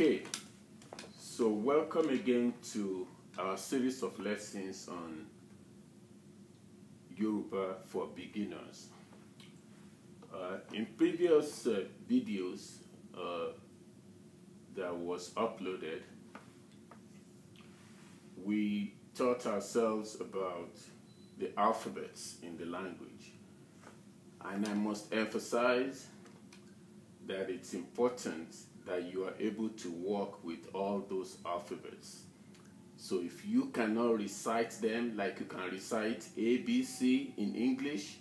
Okay, so welcome again to our series of lessons on Yoruba for beginners. Uh, in previous uh, videos uh, that was uploaded, we taught ourselves about the alphabets in the language. And I must emphasize that it's important that you are able to work with all those alphabets. So if you cannot recite them like you can recite A, B, C in English,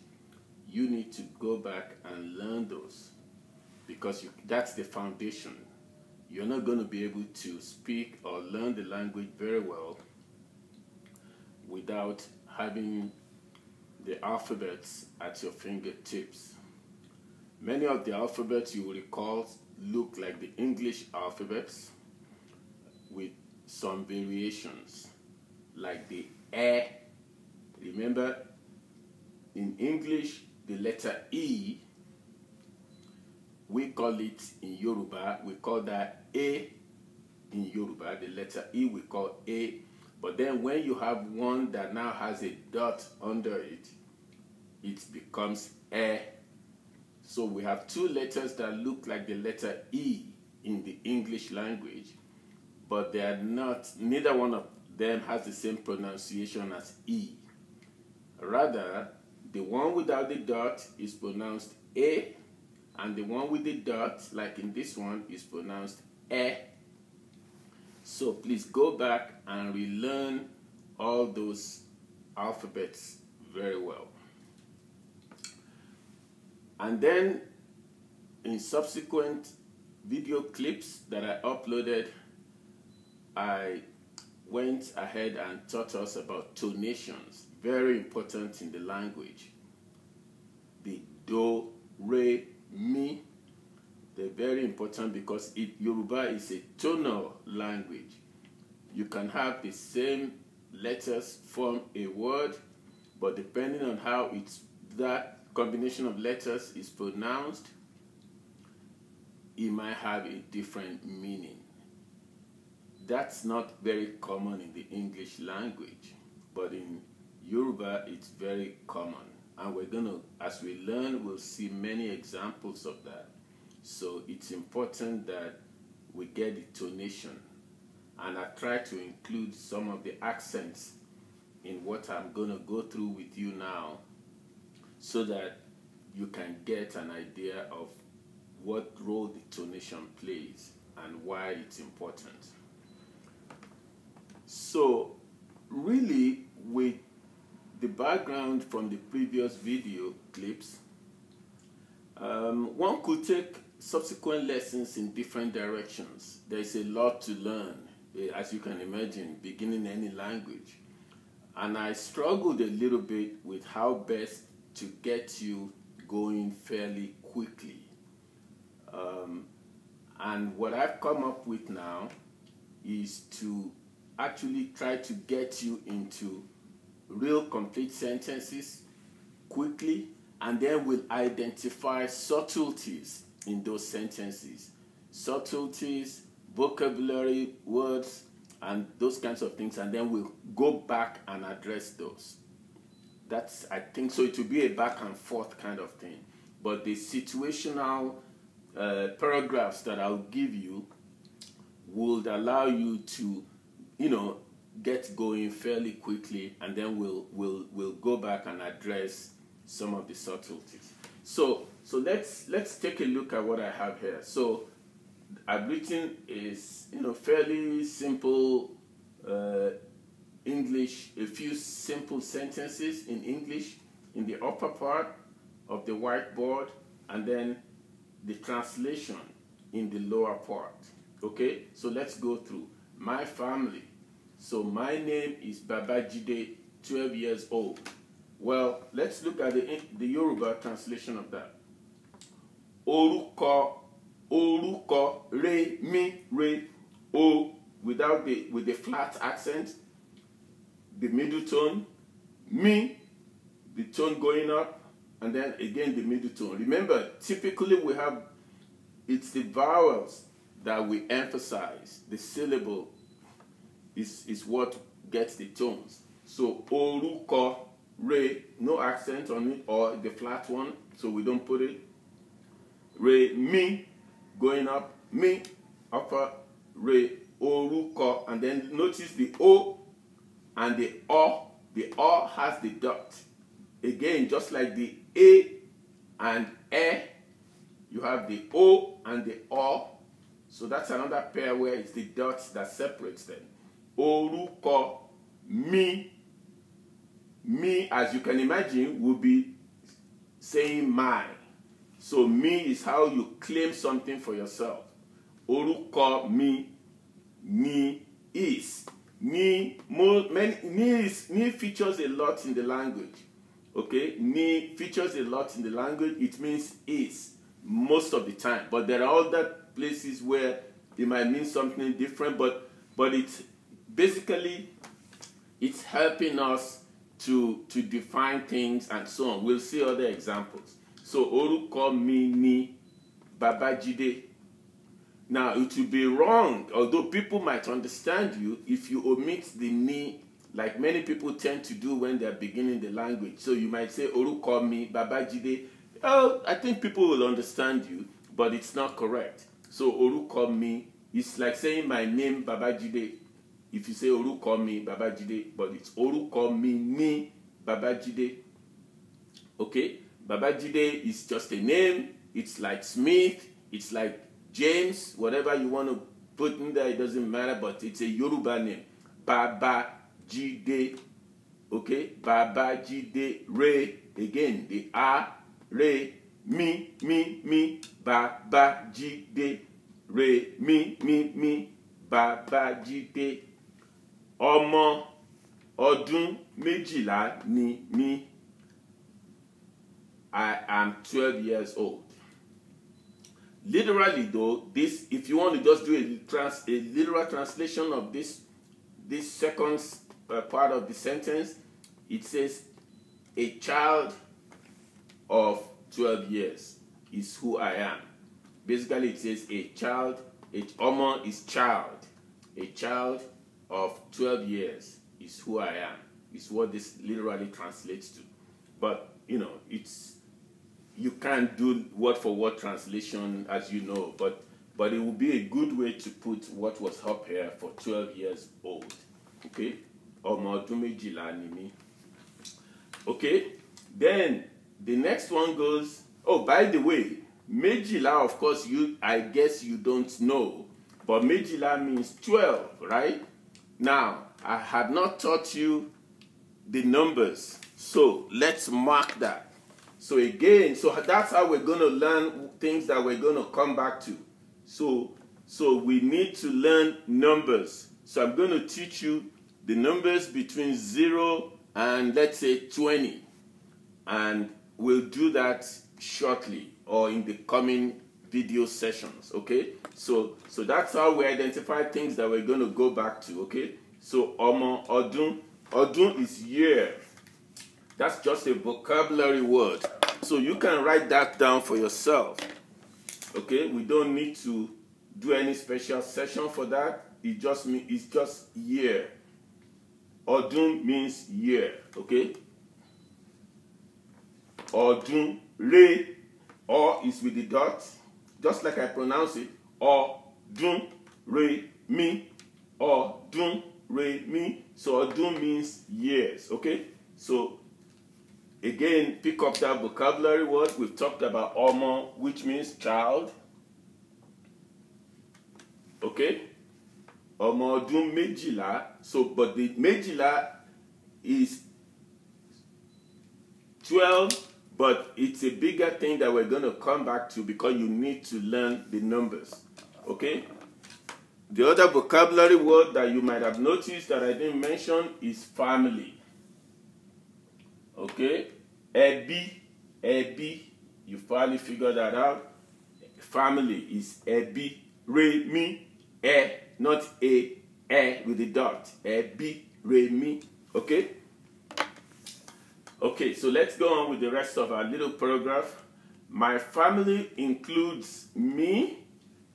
you need to go back and learn those because you, that's the foundation. You're not going to be able to speak or learn the language very well without having the alphabets at your fingertips. Many of the alphabets you will recall look like the English alphabets with some variations, like the E. Remember, in English, the letter E, we call it in Yoruba, we call that A in Yoruba, the letter E we call A. But then when you have one that now has a dot under it, it becomes E so we have two letters that look like the letter E in the English language, but they are not, neither one of them has the same pronunciation as E. Rather, the one without the dot is pronounced A, and the one with the dot, like in this one, is pronounced E. So please go back and relearn all those alphabets very well. And then in subsequent video clips that I uploaded, I went ahead and taught us about tonations, very important in the language. The do, re, mi. They're very important because it, Yoruba is a tonal language. You can have the same letters form a word, but depending on how it's that combination of letters is pronounced, it might have a different meaning. That's not very common in the English language, but in Yoruba it's very common. And we're going to, as we learn, we'll see many examples of that. So it's important that we get the tonation. And I try to include some of the accents in what I'm going to go through with you now so that you can get an idea of what role the tonation plays and why it's important. So, really, with the background from the previous video clips, um, one could take subsequent lessons in different directions. There is a lot to learn, eh, as you can imagine, beginning any language. And I struggled a little bit with how best to get you going fairly quickly. Um, and what I've come up with now is to actually try to get you into real complete sentences quickly and then we'll identify subtleties in those sentences. Subtleties, vocabulary, words, and those kinds of things, and then we'll go back and address those. That's I think so. It will be a back and forth kind of thing. But the situational uh, paragraphs that I'll give you would allow you to, you know, get going fairly quickly, and then we'll we'll we'll go back and address some of the subtleties. So so let's let's take a look at what I have here. So I've written is you know fairly simple. Uh, English, a few simple sentences in English in the upper part of the whiteboard and then the translation in the lower part. Okay, so let's go through. My family. So my name is Babajide, 12 years old. Well, let's look at the, the Yoruba translation of that. Orúkọ, orúkọ, re, mi, re, o, without the, with the flat accent, the middle tone, mi, the tone going up, and then again the middle tone. Remember, typically we have, it's the vowels that we emphasize. The syllable is, is what gets the tones. So, oruko, re, no accent on it, or the flat one, so we don't put it. Re, mi, going up, mi, upper, re, oruko, and then notice the o and the O, the O has the dot. Again, just like the A and E, you have the O and the O. So that's another pair where it's the dots that separates them. Oruko mi, mi as you can imagine will be saying my. So mi is how you claim something for yourself. Oruko mi, mi is ni many ni is ni features a lot in the language okay ni features a lot in the language it means is most of the time but there are other places where it might mean something different but but it's basically it's helping us to to define things and so on we'll see other examples so orúkọ mi ni Babájídé Now, it will be wrong, although people might understand you, if you omit the ni, like many people tend to do when they're beginning the language. So you might say, oru Oruko mi, Babajide. Oh, I think people will understand you, but it's not correct. So oru call me. it's like saying my name, Babajide. If you say oru Oruko mi, Babajide, but it's oru Oruko me ni, Babajide. Okay? Babajide is just a name, it's like Smith, it's like James, whatever you want to put in there, it doesn't matter, but it's a Yoruba name. Baba Jide. Okay? Baba Jide Re. Again, the A Re, Mi, Mi, Mi. Baba Jide Re, Mi, Mi, Mi. Baba Jide. Ọmọ ọdún méjìlá ni Mi. I am twelve years old. Literally, though, this if you want to just do a, trans, a literal translation of this this second uh, part of the sentence, it says, "A child of 12 years is who I am." Basically, it says a child, a woman is child, a child of 12 years is who I am. Is what this literally translates to, but you know, it's you can't do word for word translation as you know, but but it would be a good way to put what was up here for 12 years old. Okay? Ọmọ ọdún méjìlá Okay? Then the next one goes, oh, by the way, méjìlá, of course, you I guess you don't know, but méjìlá means 12, right? Now, I have not taught you the numbers, so let's mark that. So again, so that's how we're going to learn things that we're going to come back to. So, so we need to learn numbers. So I'm going to teach you the numbers between 0 and let's say 20. And we'll do that shortly or in the coming video sessions, okay? So, so that's how we identify things that we're going to go back to, okay? So, Omo, Odun, Odun is year. That's just a vocabulary word. So you can write that down for yourself. Okay, we don't need to do any special session for that. It just means it's just year. Odun means year. Okay. Odun re or is with the dot, just like I pronounce it. Or do re mi or dun re mi. So odun means years. Okay. So Again, pick up that vocabulary word. We've talked about Omo, which means child. Okay? Omo do méjìlá. So, but the méjìlá is 12, but it's a bigger thing that we're going to come back to because you need to learn the numbers. Okay? The other vocabulary word that you might have noticed that I didn't mention is family. Okay? Ẹbí, ẹbí, you finally figured that out. Family is ẹbí, re, mi, ẹ, not a, ẹ with the dot. Ẹbí, re, mi. Okay? Okay, so let's go on with the rest of our little paragraph. My family includes me,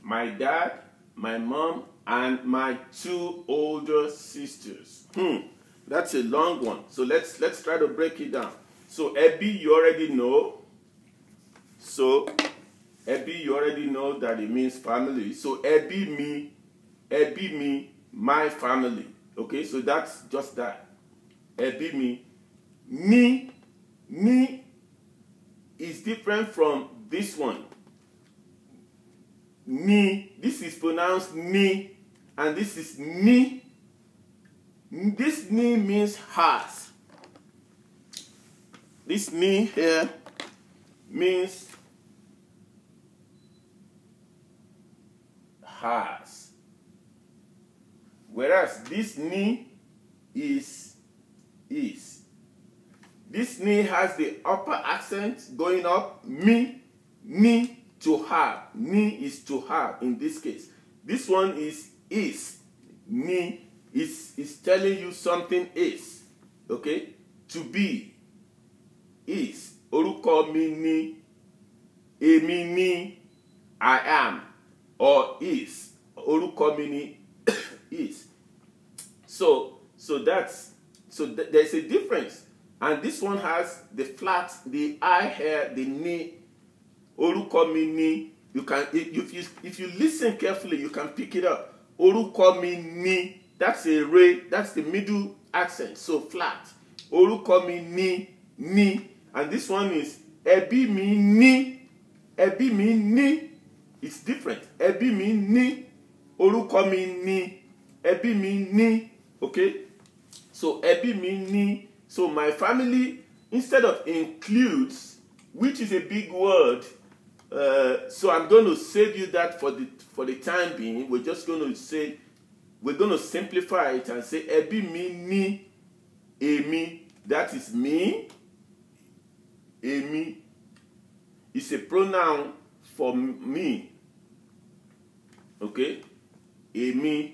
my dad, my mom, and my two older sisters. Hmm. That's a long one. So let's let's try to break it down. So ẹbí, you already know. So ẹbí, you already know that it means family. So ẹbí me, ẹbí me, my family. Okay, so that's just that. Ẹbí me, me, me is different from this one. Me. this is pronounced me, and this is me. This knee means heart. This knee here means heart. Whereas this knee is is. This knee has the upper accent going up, me, me to have. Me is to have in this case. This one is is, me is is telling you something is okay to be is orúkọ mi ni èmi ni i am or is orúkọ mi ni is so so that's so th there's a difference and this one has the flat the i here the ni orúkọ mi ni you can if you if you listen carefully you can pick it up orúkọ mi ni that's a ray that's the middle accent so flat orúkọ mi ni ni and this one is ẹbí mi ni ẹbí mi ni it's different ẹbí mi ni orúkọ mi ni ẹbí mi ni okay so ẹbí mi ni so my family instead of includes which is a big word uh, so I'm going to save you that for the for the time being we're just going to say we're going to simplify it and say "ebi mi ni, emi." that is me Emi. is a pronoun for me okay Emi.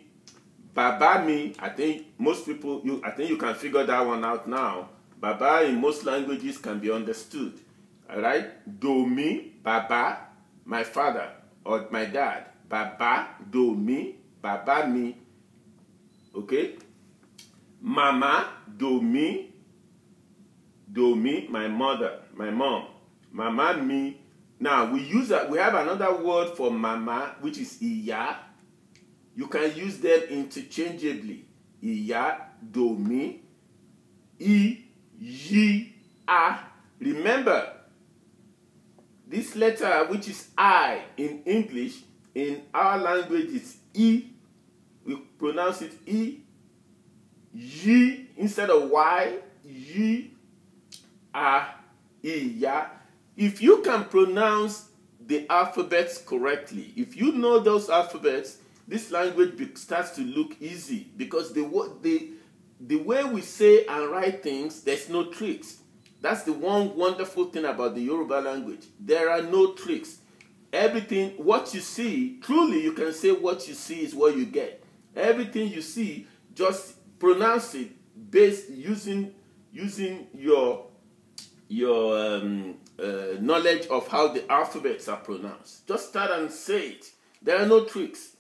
Baba mi i think most people you i think you can figure that one out now Baba in most languages can be understood all right domi Baba. my father or my dad bàbá domi Baba mi okay mama domi domi my mother my mom mama mi now we use that. we have another word for mama which is iya. you can use them interchangeably Iya, domi i yi a remember this letter which is i in english in our language is i we pronounce it E, Y instead of Y, Y, A, E, Yeah. If you can pronounce the alphabets correctly, if you know those alphabets, this language starts to look easy because the, the, the way we say and write things, there's no tricks. That's the one wonderful thing about the Yoruba language. There are no tricks. Everything, what you see, truly you can say what you see is what you get. Everything you see, just pronounce it based using using your your um, uh, knowledge of how the alphabets are pronounced. Just start and say it. There are no tricks.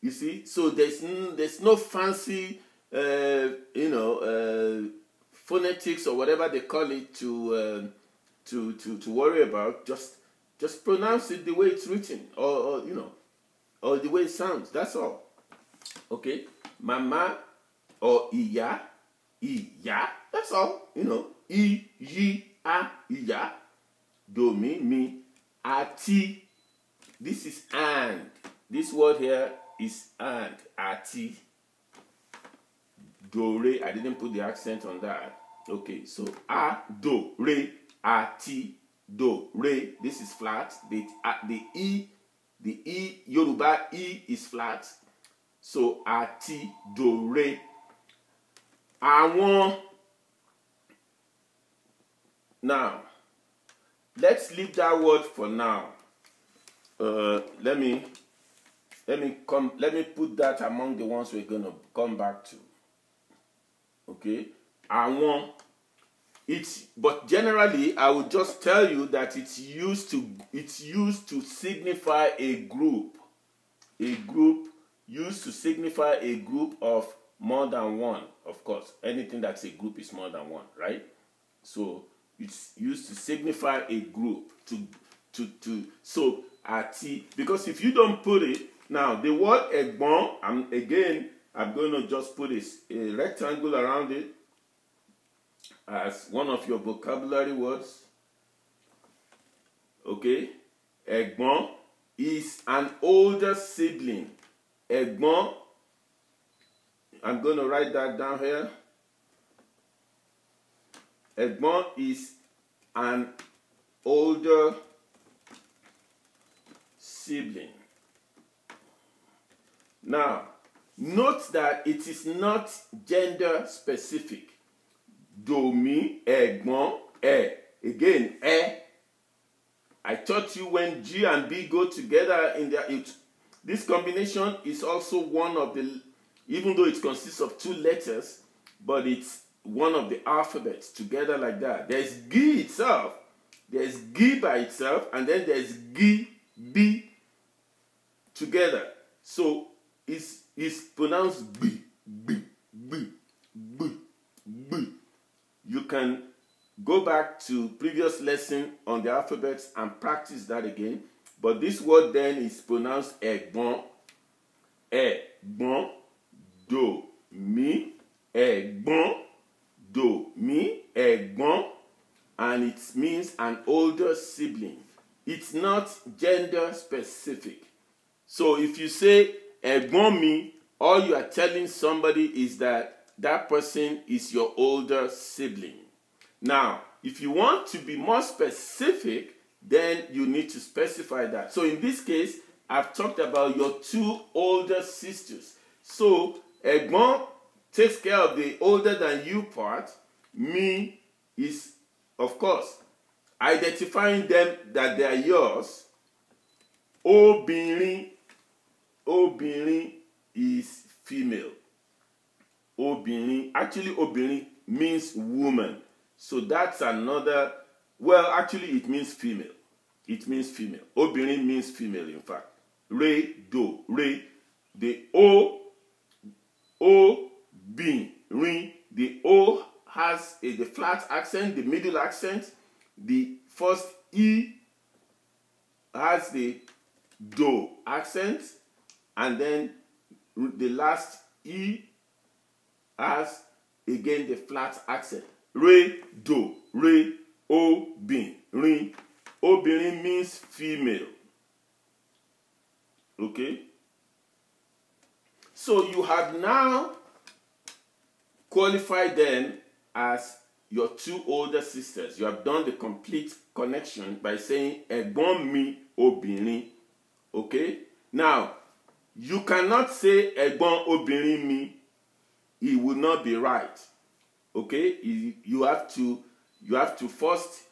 You see, so there's there's no fancy, uh, you know, uh, phonetics or whatever they call it to um, to to to worry about. Just just pronounce it the way it's written, or, or you know, or the way it sounds. That's all. okay mama, or iya, iya. that's all you know i yi a ìyá domi mi àti this is and this word here is and àti do re I didn't put the accent on that okay so a do re àti do re this is flat the uh, the e the e Yoruba e is flat so àti dòre àwọn now let's leave that word for now uh, let me let me come let me put that among the ones we're gonna come back to okay àwọn it's but generally i will just tell you that it's used to it's used to signify a group a group used to signify a group of more than one, of course. Anything that's a group is more than one, right? So it's used to signify a group to to to so ati because if you don't put it now the word egbon I'm again I'm going to just put a, a rectangle around it as one of your vocabulary words. Okay, egbon is an older sibling ẹ̀gbọ́n I'm gonna write that down here ẹ̀gbọ́n is an older sibling now note that it is not gender specific domi ẹ̀gbọ́n E. again E. I taught you when G and B go together in their it This combination is also one of the, even though it consists of two letters, but it's one of the alphabets together like that. There's G itself, there's G by itself, and then there's G, B together. So it's, it's pronounced B, B, B, B, B. You can go back to previous lesson on the alphabets and practice that again. But this word then is pronounced "egbon," "egbon," dò, mí, ẹ̀gbọ́n, dò, mí, ẹ̀gbọ́n, and it means an older sibling. It's not gender specific. So if you say ẹ̀gbọ́n mi, all you are telling somebody is that that person is your older sibling. Now, if you want to be more specific, then you need to specify that. So in this case, I've talked about your two older sisters. So Egmont takes care of the older than you part. Me is, of course, identifying them that they are yours. Obinrin, Obinrin is female. Obinrin, actually Obinrin means woman. So that's another, well, actually it means female. it means female obìnrin means female in fact re do re the o o bin rin the o has a the flat accent the middle accent the first e has the do accent and then the last e has again the flat accent re do re o bin rin obìnrin means female okay so you have now qualified them as your two older sisters you have done the complete connection by saying ẹ̀gbọ́n mi obìnrin okay now you cannot say ẹ̀gbọ́n obìnrin mi it will not be right okay you have to you have to first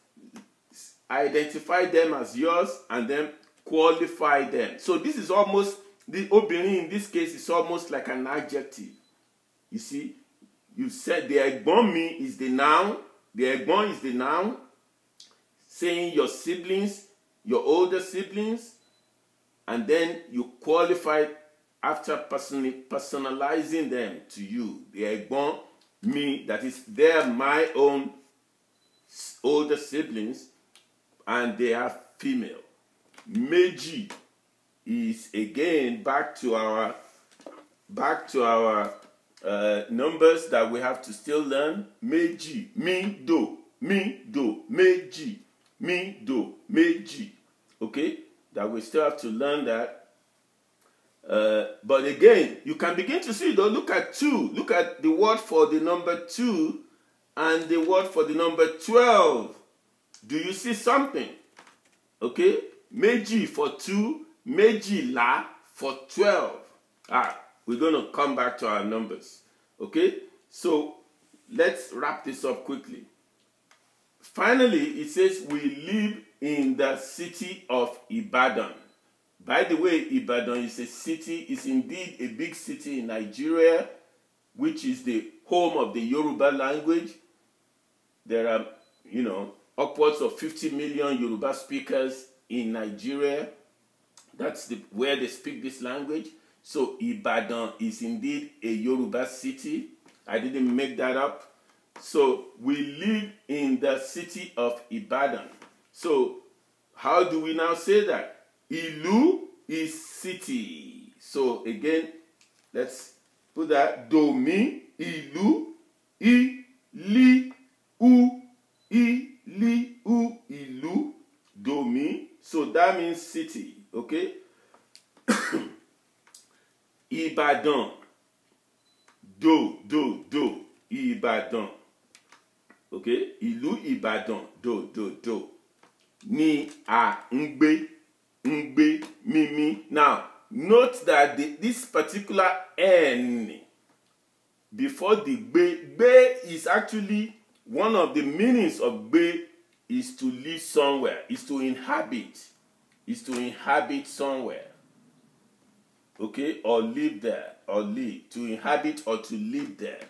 identify them as yours and then qualify them. So this is almost the obìnrin in this case is almost like an adjective. You see, you said the ẹ̀gbọ́n mi is the noun, the ẹ̀gbọ́n is the noun, saying your siblings, your older siblings, and then you qualify after personally personalizing them to you. The ẹ̀gbọ́n me, that is, they're my own older siblings, and they are female. Meiji is again back to our back to our uh, numbers that we have to still learn. Meiji, mi do, mi do, meiji, mi do, meiji. Okay, that we still have to learn that. Uh, but again, you can begin to see though. Look at two. Look at the word for the number two and the word for the number twelve. Do you see something? Okay? Méjì for 2, la for 12. All right, we're going to come back to our numbers. Okay? So let's wrap this up quickly. Finally, it says we live in the city of Ibadan. By the way, Ibadan is a city, is indeed a big city in Nigeria, which is the home of the Yoruba language. There are, you know, upwards of 50 million Yoruba speakers in Nigeria. That's the, where they speak this language. So Ibadan is indeed a Yoruba city. I didn't make that up. So we live in the city of Ibadan. So how do we now say that? Ilu is city. So again, let's put that domi, ilu, i, li, u, i, Li liu ìlú domi so that means city okay Ibadan do do do Ibadan. okay ìlú Ibadan do do do ni a ń gbé mimi. now note that the, this particular n before the gbé gbé is actually one of the meanings of gbé is to live somewhere, is to inhabit, is to inhabit somewhere. Okay, or live there, or live, to inhabit or to live there.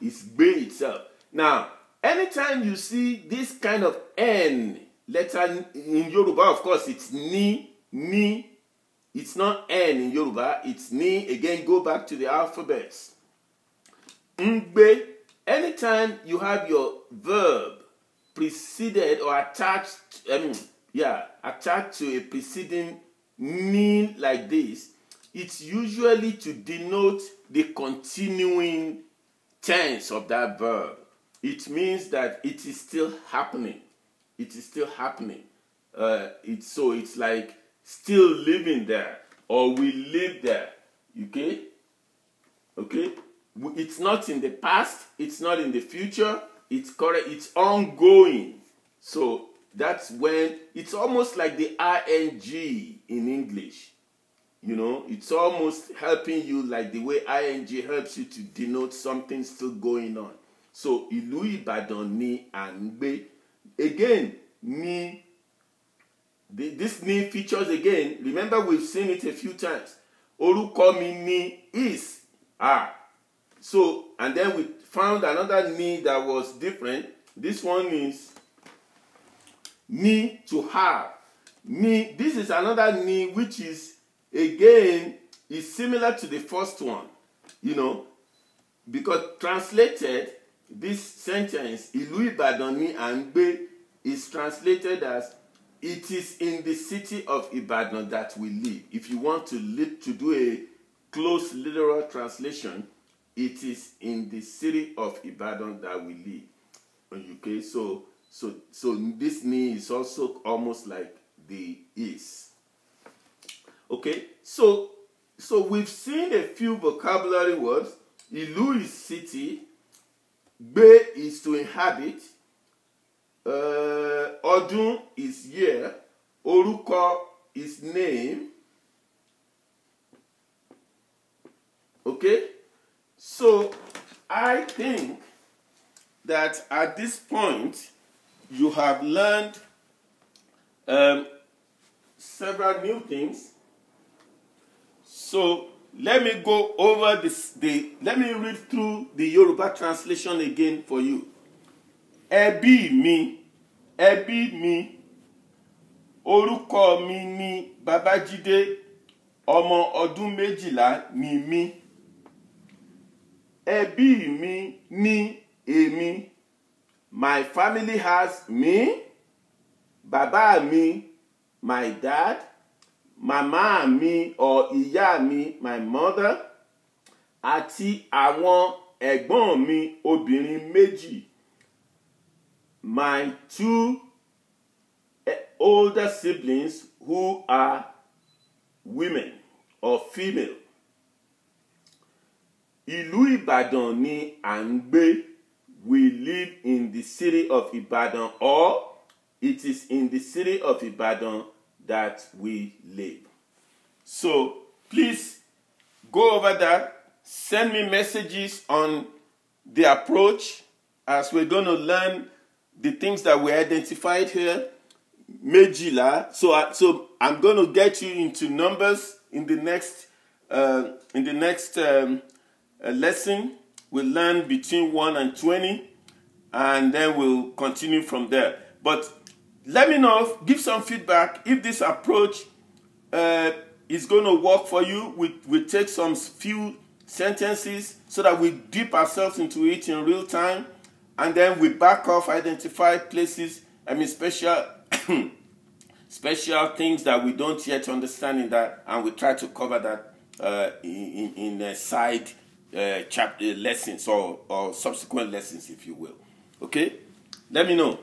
It's be itself. Now, anytime you see this kind of N letter in Yoruba, of course, it's ni, ni. It's not N in Yoruba, it's ni. Again, go back to the alphabets. Ngbe, anytime you have your verb preceded or attached, I mean, yeah, attached to a preceding mean like this, it's usually to denote the continuing tense of that verb. It means that it is still happening. It is still happening. Uh, it's so it's like still living there or we live there. Okay, okay. It's not in the past. It's not in the future it's correct it's ongoing so that's when it's almost like the ing in english you know it's almost helping you like the way ing helps you to denote something still going on so ilu ìbàdàn ni à again ni this ni features again remember we've seen it a few times orúkọ mi ni is ah So, and then we found another me that was different. This one is me to have. Me, this is another me which is again is similar to the first one, you know, because translated this sentence Ìlú Ìbàdàn ni à ń gbé is translated as it is in the city of Ibadan that we live. If you want to live, to do a close literal translation, it is in the city of Ibadan that we live. Okay, so so so this knee is also almost like the east. Okay, so so we've seen a few vocabulary words. Ìlú is city. Gbé is to inhabit. Uh, ọdún is year. Orúkọ is name. Okay. So I think that at this point you have learned um, several new things. So let me go over this. The, let me read through the Yoruba translation again for you. Ebi mi, ebi mi, orúkọ mi ni Babájídé, omo odun méjìlá ni mi Mi ẹbí mi ní èmi my family has me bàbá mi my dad màmá mi or ìyá mi my mother àti àwọn ẹ̀gbọ́n mi obìnrin méjì my two eh, older siblings who are women or female Ìlú Ìbàdàn ni à We live in the city of Ìbàdàn or it is in the city of Ìbàdàn that we live. So please go over that. Send me messages on the approach as we're going to learn the things that we identified here. Mejila. So, I, so I'm going to get you into numbers in the next uh, in the next um, a lesson. We'll learn between 1 and 20, and then we'll continue from there. But let me know, give some feedback if this approach uh, is going to work for you. We, we take some few sentences so that we dip ourselves into it in real time, and then we back off, identify places, I mean, special. special things that we don't yet understand in that, and we try to cover that uh, in, in, in a side uh, chapter uh, lessons or, or subsequent lessons, if you will. Okay? Let me know.